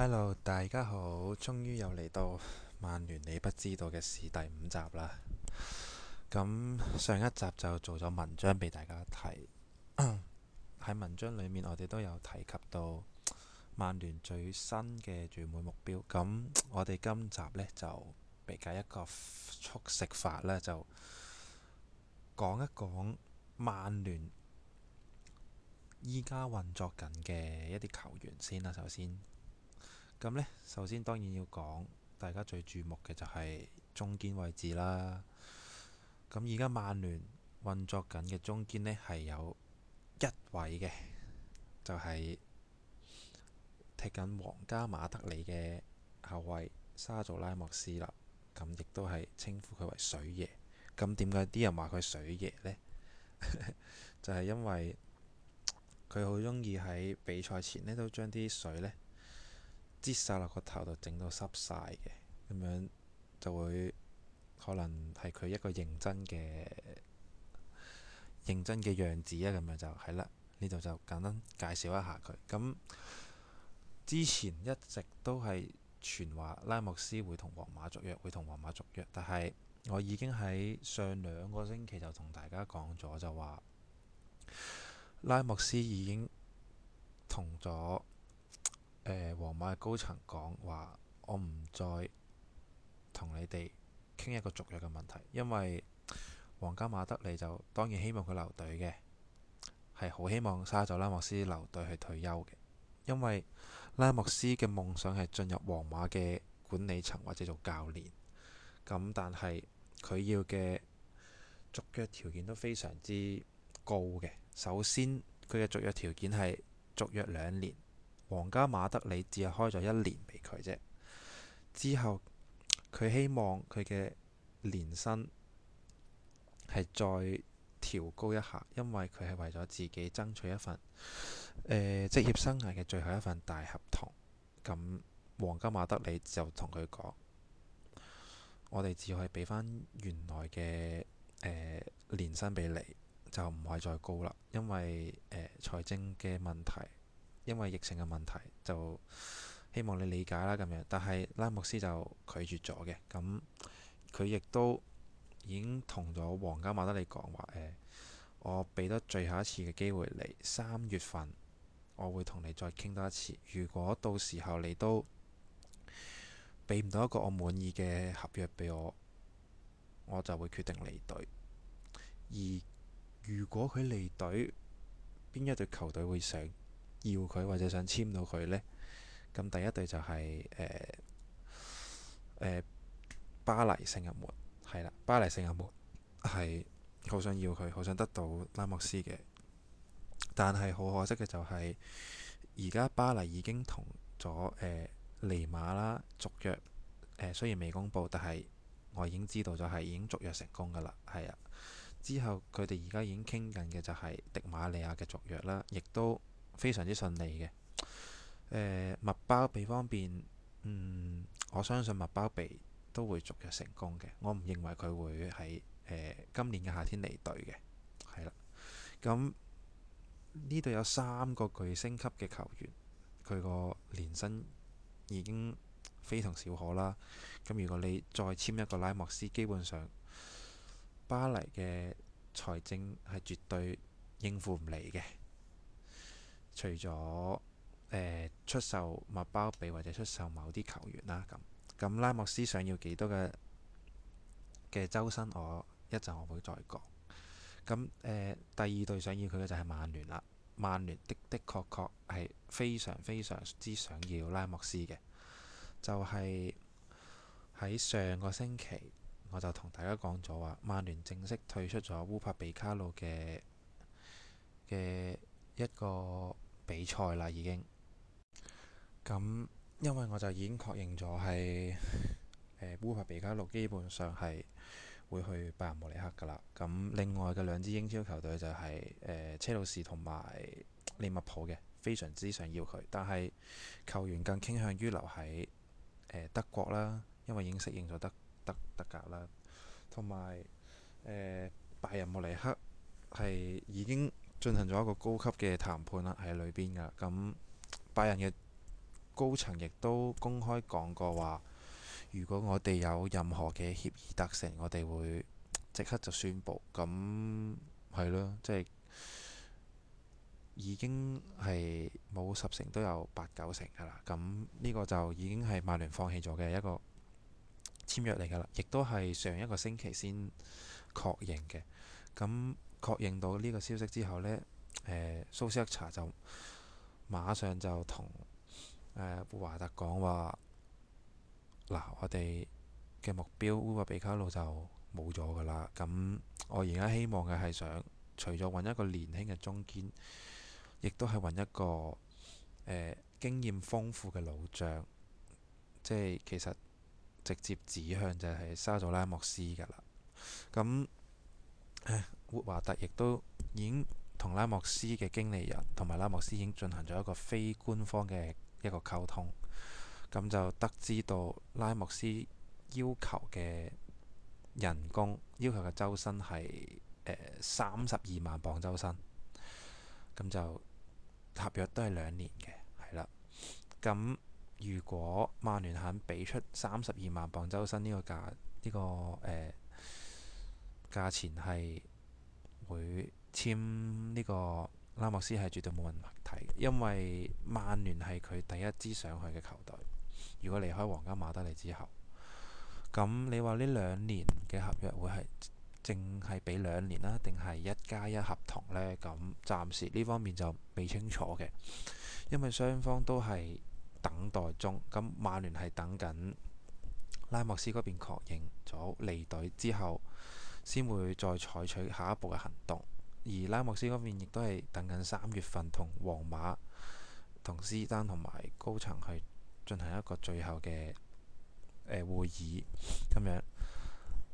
Hello，大家好，終於又嚟到《曼聯你不知道嘅事》第五集啦。咁上一集就做咗文章俾大家睇，喺 文章裏面我哋都有提及到曼聯最新嘅轉會目標。咁我哋今集呢，就比較一個速食法啦，就講一講曼聯依家運作緊嘅一啲球員先啦。首先。咁呢，首先當然要講，大家最注目嘅就係中堅位置啦。咁而家曼聯運作緊嘅中堅呢，係有一位嘅，就係踢緊皇家馬德里嘅後衞沙祖拉莫斯啦。咁亦都係稱呼佢為水爺。咁點解啲人話佢水爺呢？ 就係因為佢好鍾意喺比賽前呢都將啲水呢。擠晒落個頭度，整到濕晒嘅，咁樣就會可能係佢一個認真嘅認真嘅樣子啊，咁樣就係啦。呢度就簡單介紹一下佢。咁之前一直都係傳話拉莫斯會同皇馬續約，會同皇馬續約，但係我已經喺上兩個星期就同大家講咗，就話拉莫斯已經同咗皇馬嘅高層講話，我唔再同你哋傾一個續約嘅問題，因為皇家馬德里就當然希望佢留隊嘅，係好希望沙祖拉莫斯留隊去退休嘅，因為拉莫斯嘅夢想係進入皇馬嘅管理層或者做教練，咁但係佢要嘅續約條件都非常之高嘅，首先佢嘅續約條件係續約兩年。皇家馬德里只係開咗一年俾佢啫，之後佢希望佢嘅年薪係再調高一下，因為佢係為咗自己爭取一份誒、呃、職業生涯嘅最後一份大合同。咁皇家馬德里就同佢講：我哋只可以俾翻原來嘅年薪俾你，就唔可以再高啦，因為誒、呃、財政嘅問題。因為疫情嘅問題，就希望你理解啦。咁樣，但係拉莫斯就拒絕咗嘅。咁佢亦都已經同咗皇家馬德里講話、呃、我俾得最後一次嘅機會你。三月份我會同你再傾多一次。如果到時候你都俾唔到一個我滿意嘅合約俾我，我就會決定離隊。而如果佢離隊，邊一隊球隊會醒？要佢或者想簽到佢咧，咁第一對就係誒誒巴黎聖日門係啦。巴黎聖日門係好想要佢，好想得到拉莫斯嘅。但係好可惜嘅就係而家巴黎已經同咗誒尼瑪啦續約誒、呃，雖然未公布，但係我已經知道就係已經續約成功噶啦。係啊，之後佢哋而家已經傾緊嘅就係迪馬利亞嘅續約啦，亦都。非常之順利嘅，誒、呃、麥包比方面。嗯，我相信麥包比都會續約成功嘅。我唔認為佢會喺、呃、今年嘅夏天離隊嘅，係啦。咁呢度有三個巨星級嘅球員，佢個年薪已經非同小可啦。咁如果你再簽一個拉莫斯，基本上巴黎嘅財政係絕對應付唔嚟嘅。除咗誒、呃、出售麥包比或者出售某啲球員啦，咁咁拉莫斯想要幾多嘅嘅周薪我一陣，我會再講。咁誒、呃，第二隊想要佢嘅就係曼聯啦。曼聯的的確確係非常非常之想要拉莫斯嘅，就係、是、喺上個星期我就同大家講咗話，曼聯正式退出咗烏帕比卡路嘅嘅一個。比賽啦，已經。咁，因為我就已經確認咗係誒烏柏比加路基本上係會去拜仁慕尼黑噶啦。咁、嗯、另外嘅兩支英超球隊就係、是、誒、呃、車路士同埋利物浦嘅，非常之想要佢。但係球員更傾向於留喺、呃、德國啦，因為已經適應咗德德德甲啦。同埋誒拜仁慕尼黑係已經。進行咗一個高級嘅談判啦，喺裏邊噶。咁拜仁嘅高層亦都公開講過話，如果我哋有任何嘅協議達成，我哋會即刻就宣佈。咁係咯，即係已經係冇十成，都有八九成噶啦。咁呢個就已經係曼聯放棄咗嘅一個簽約嚟噶啦，亦都係上一個星期先確認嘅。咁確認到呢個消息之後呢，誒、呃，蘇斯克查就馬上就同誒、呃、華特講話：嗱，我哋嘅目標烏柏比卡魯就冇咗噶啦。咁我而家希望嘅係想，除咗揾一個年輕嘅中堅，亦都係揾一個誒、呃、經驗豐富嘅老將，即係其實直接指向就係沙佐拉莫斯噶啦。咁活華特亦都已經同拉莫斯嘅經理人同埋拉莫斯已經進行咗一個非官方嘅一個溝通，咁就得知到拉莫斯要求嘅人工要求嘅周薪係三十二萬磅周薪，咁就合約都係兩年嘅，係啦。咁如果曼聯肯俾出三十二萬磅周薪呢個價，呢個，誒，呃，價錢係？會簽呢個拉莫斯係絕對冇人睇，因為曼聯係佢第一支上去嘅球隊。如果離開皇家馬德里之後，咁你話呢兩年嘅合約會係淨係俾兩年啦，定係一加一合同呢？咁暫時呢方面就未清楚嘅，因為雙方都係等待中。咁曼聯係等緊拉莫斯嗰邊確認咗離隊之後，先會再採取下一步嘅行動，而拉莫斯嗰邊亦都係等緊三月份同皇馬、同斯丹同埋高層去進行一個最後嘅誒、呃、會議咁樣。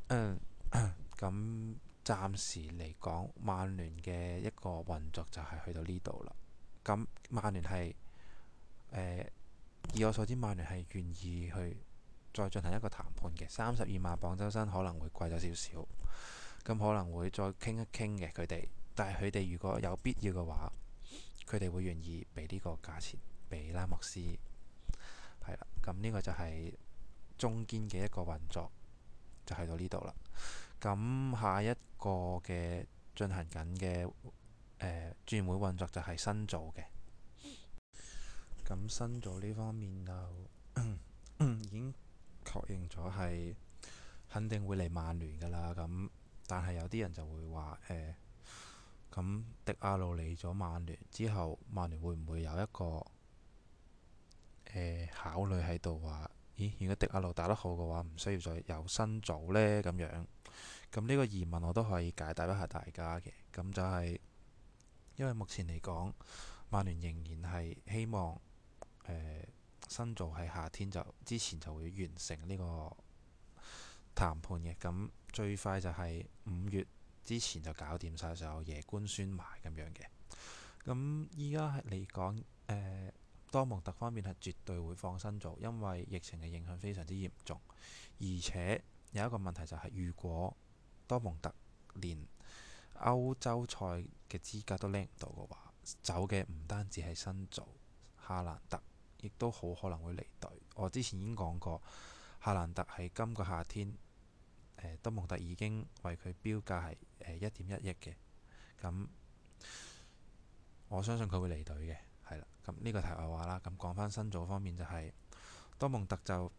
嗯，咁暫時嚟講，曼聯嘅一個運作就係去到呢度啦。咁、嗯、曼聯係誒、呃，以我所知，曼聯係願意去。再進行一個談判，嘅三十二萬磅周身可能會貴咗少少，咁可能會再傾一傾嘅佢哋，但係佢哋如果有必要嘅話，佢哋會願意俾呢個價錢俾拉莫斯係啦。咁呢個就係中堅嘅一個運作，就喺到呢度啦。咁下一個嘅進行緊嘅誒轉會運作就係新組嘅，咁、嗯、新組呢方面就、嗯、已經。確認咗係肯定會嚟曼聯㗎喇，咁但係有啲人就會話誒，咁、呃、迪亞路嚟咗曼聯之後，曼聯會唔會有一個、呃、考慮喺度話，咦，如果迪亞路打得好嘅話，唔需要再有新組呢？」咁樣。咁呢個疑問我都可以解答一下大家嘅，咁就係、是、因為目前嚟講，曼聯仍然係希望、呃新造係夏天就之前就會完成呢個談判嘅，咁最快就係五月之前就搞掂晒，所有夜官宣埋咁樣嘅。咁依家嚟講，誒、呃、多蒙特方面係絕對會放新造，因為疫情嘅影響非常之嚴重，而且有一個問題就係、是，如果多蒙特連歐洲賽嘅資格都拎唔到嘅話，走嘅唔單止係新造、哈蘭特。亦都好可能會離隊，我之前已經講過，夏蘭特喺今個夏天，多蒙特已經為佢標價係一點一億嘅，咁我相信佢會離隊嘅。係啦，咁呢個題外話啦，咁講返辛祖方面就係多蒙特就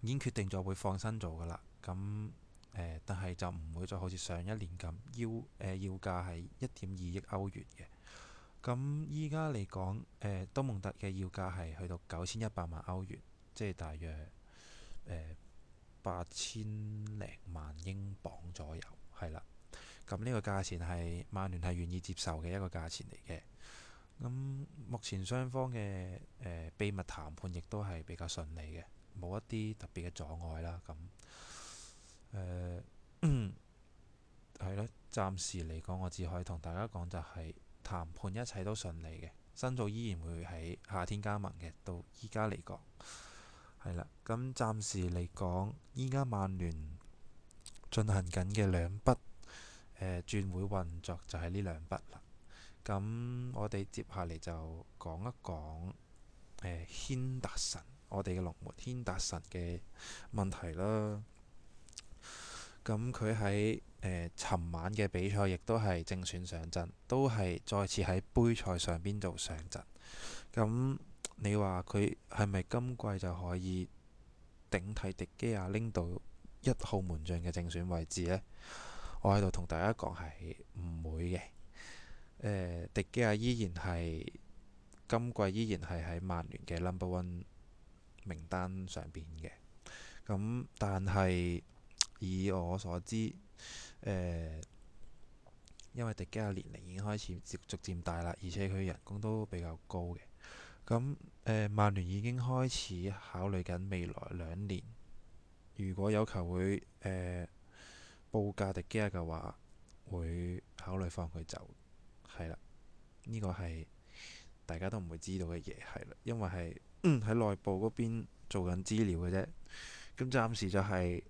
已經決定咗會放辛祖噶啦，咁但係就唔會再好似上一年咁要誒要價係一點二億歐元嘅。咁依家嚟講，誒多、呃、蒙特嘅要價係去到九千一百萬歐元，即係大約八千零萬英鎊左右，係啦。咁、嗯、呢、這個價錢係曼聯係願意接受嘅一個價錢嚟嘅。咁、嗯、目前雙方嘅誒、呃、秘密談判亦都係比較順利嘅，冇一啲特別嘅阻礙啦。咁誒係咯，暫時嚟講，我只可以同大家講就係、是。談判一切都順利嘅，新組依然會喺夏天加盟嘅。到依家嚟講係啦，咁暫時嚟講，依家曼聯進行緊嘅兩筆誒、呃、轉會運作就係呢兩筆啦。咁我哋接下嚟就講一講誒，「軒達臣」，我哋嘅龍門「軒達臣」嘅問題啦。咁佢喺誒，尋晚嘅比賽亦都係正選上陣，都係再次喺杯賽上邊做上陣。咁你話佢係咪今季就可以頂替迪基亞拎到一號門將嘅正選位置呢？我喺度同大家講係唔會嘅。誒，迪基亞依然係今季依然係喺曼聯嘅 number one 名單上邊嘅。咁但係。以我所知，誒、呃，因為迪基亞嘅年齡已經開始逐漸大啦，而且佢人工都比較高嘅。咁誒、呃，曼聯已經開始考慮緊未來兩年，如果有球會誒、呃、報價迪基亞嘅話，會考慮放佢走。係啦，呢、這個係大家都唔會知道嘅嘢，係啦，因為係喺、嗯、內部嗰邊做緊資料嘅啫。咁暫時就係、是。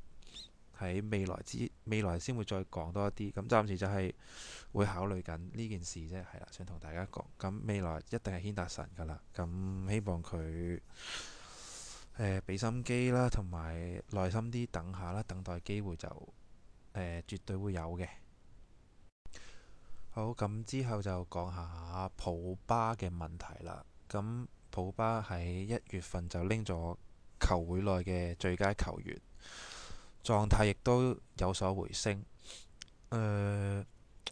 喺未來之未來先會再講多一啲，咁暫時就係會考慮緊呢件事啫，係啦，想同大家講。咁未來一定係牽達神㗎喇，咁希望佢誒俾心機啦，同、呃、埋耐心啲等下啦，等待機會就誒、呃、絕對會有嘅。好，咁之後就講下普巴嘅問題啦。咁普巴喺一月份就拎咗球會內嘅最佳球員。狀態亦都有所回升。誒、呃，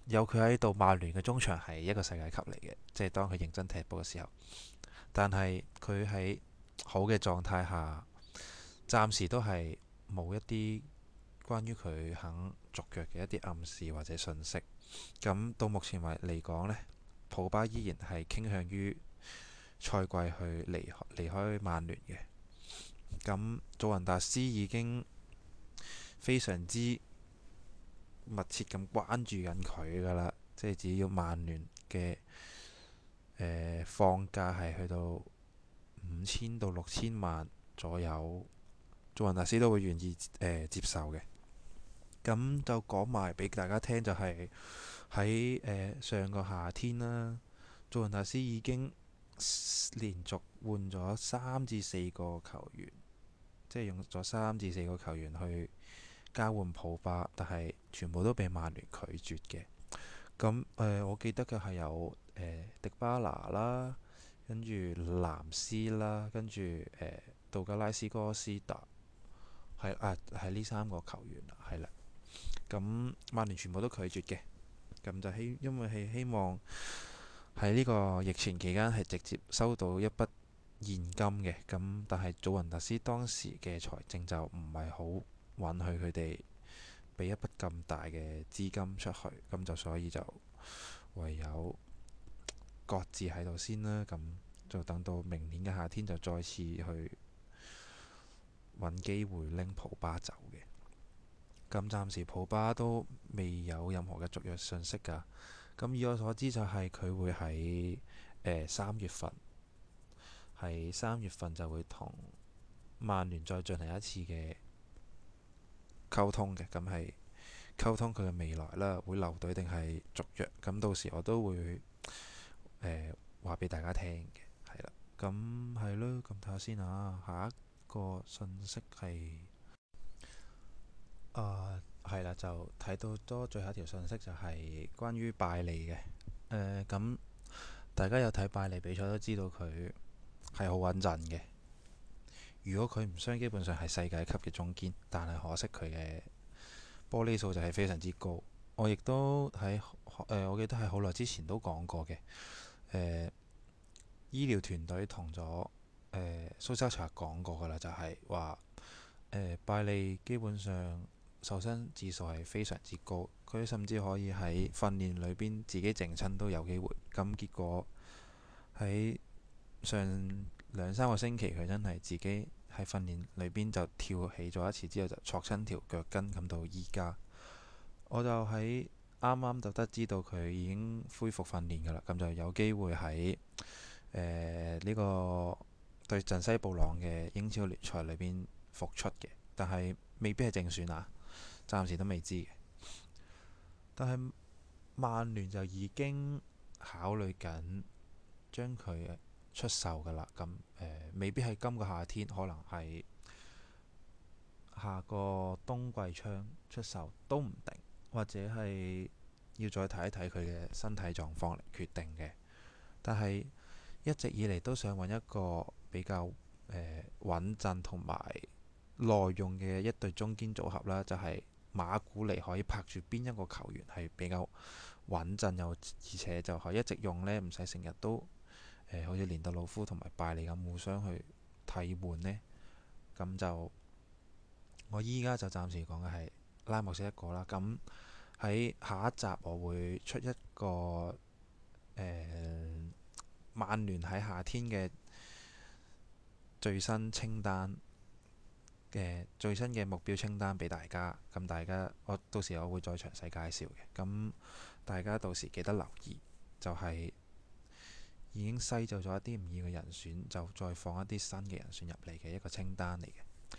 有佢喺度，曼聯嘅中場係一個世界級嚟嘅，即係當佢認真踢波嘅時候。但係佢喺好嘅狀態下，暫時都係冇一啲關於佢肯續約嘅一啲暗示或者訊息。咁到目前為嚟講呢普巴依然係傾向於賽季去離開離開曼聯嘅。咁，祖雲達斯已經。非常之密切咁關注緊佢噶啦，即係只要曼聯嘅誒、呃、放價係去到五千到六千萬左右，祖雲達斯都會願意誒、呃、接受嘅。咁就講埋俾大家聽，就是，就係喺誒上個夏天啦，祖雲達斯已經連續換咗三至四個球員，即係用咗三至四個球員去。交換普巴，但係全部都被曼聯拒絕嘅。咁誒、呃，我記得嘅係有、呃、迪巴拿啦，跟住藍斯啦，跟住誒杜格拉斯哥斯達，係啊，係呢三個球員啦，係啦。咁曼聯全部都拒絕嘅。咁就希因為係希望喺呢個疫情期間係直接收到一筆現金嘅。咁但係祖雲達斯當時嘅財政就唔係好。允許佢哋俾一筆咁大嘅資金出去，咁就所以就唯有各自喺度先啦。咁就等到明年嘅夏天就再次去揾機會拎普巴走嘅。咁暫時普巴都未有任何嘅續約信息㗎。咁以我所知就係佢會喺呃三月份，喺三月份就會同曼聯再進行一次嘅。溝通嘅，咁係溝通佢嘅未來啦，會留隊定係續約？咁到時我都會誒話俾大家聽嘅，係啦。咁係咯，咁睇下先吓。下一個信息係啊，係、呃、啦，就睇到多最後一條信息就係關於拜利嘅。誒、呃、咁，大家有睇拜利比賽都知道佢係好穩陣嘅。如果佢唔傷，基本上係世界級嘅中堅。但係可惜佢嘅玻璃數就係非常之高。我亦都喺誒、呃，我記得係好耐之前都講過嘅。誒、呃，醫療團隊同咗誒蘇州茶講過噶啦，就係話誒拜利基本上受傷指數係非常之高，佢甚至可以喺訓練裏邊自己整親都有機會。咁結果喺上兩三個星期，佢真係自己。喺訓練裏邊就跳起咗一次之後就挫親條腳筋咁到依家，我就喺啱啱就得知道佢已經恢復訓練㗎喇，咁就有機會喺誒呢個對陣西布朗嘅英超聯賽裏邊復出嘅，但係未必係正選啊，暫時都未知嘅。但係曼聯就已經考慮緊將佢。出售㗎啦，咁、呃、誒未必係今個夏天，可能係下個冬季窗出售都唔定，或者係要再睇一睇佢嘅身體狀況嚟決定嘅。但係一直以嚟都想揾一個比較誒穩陣同埋耐用嘅一對中堅組合啦，就係、是、馬古尼可以拍住邊一個球員係比較穩陣又而且就可以一直用咧，唔使成日都。好似連德老夫同埋拜利咁互相去替換呢。咁就我依家就暫時講嘅係拉莫斯一個啦。咁喺下一集我會出一個誒、呃、曼聯喺夏天嘅最新清單嘅最新嘅目標清單俾大家。咁大家我到時我會再詳細介紹嘅。咁大家到時記得留意，就係、是。已經篩走咗一啲唔要嘅人選，就再放一啲新嘅人選入嚟嘅一個清單嚟嘅。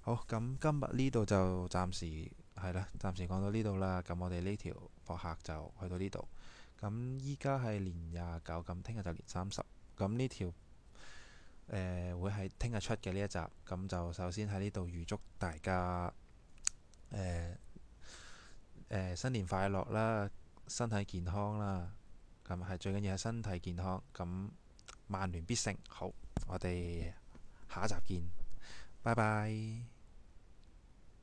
好，咁今日呢度就暫時係啦，暫時講到呢度啦。咁我哋呢條博客就去到呢度。咁依家係年廿九，咁聽日就年三十。咁呢條誒會係聽日出嘅呢一集。咁就首先喺呢度預祝大家、呃呃、新年快樂啦，身體健康啦。咁係最緊要係身體健康，咁曼聯必勝。好，我哋下一集見，拜拜。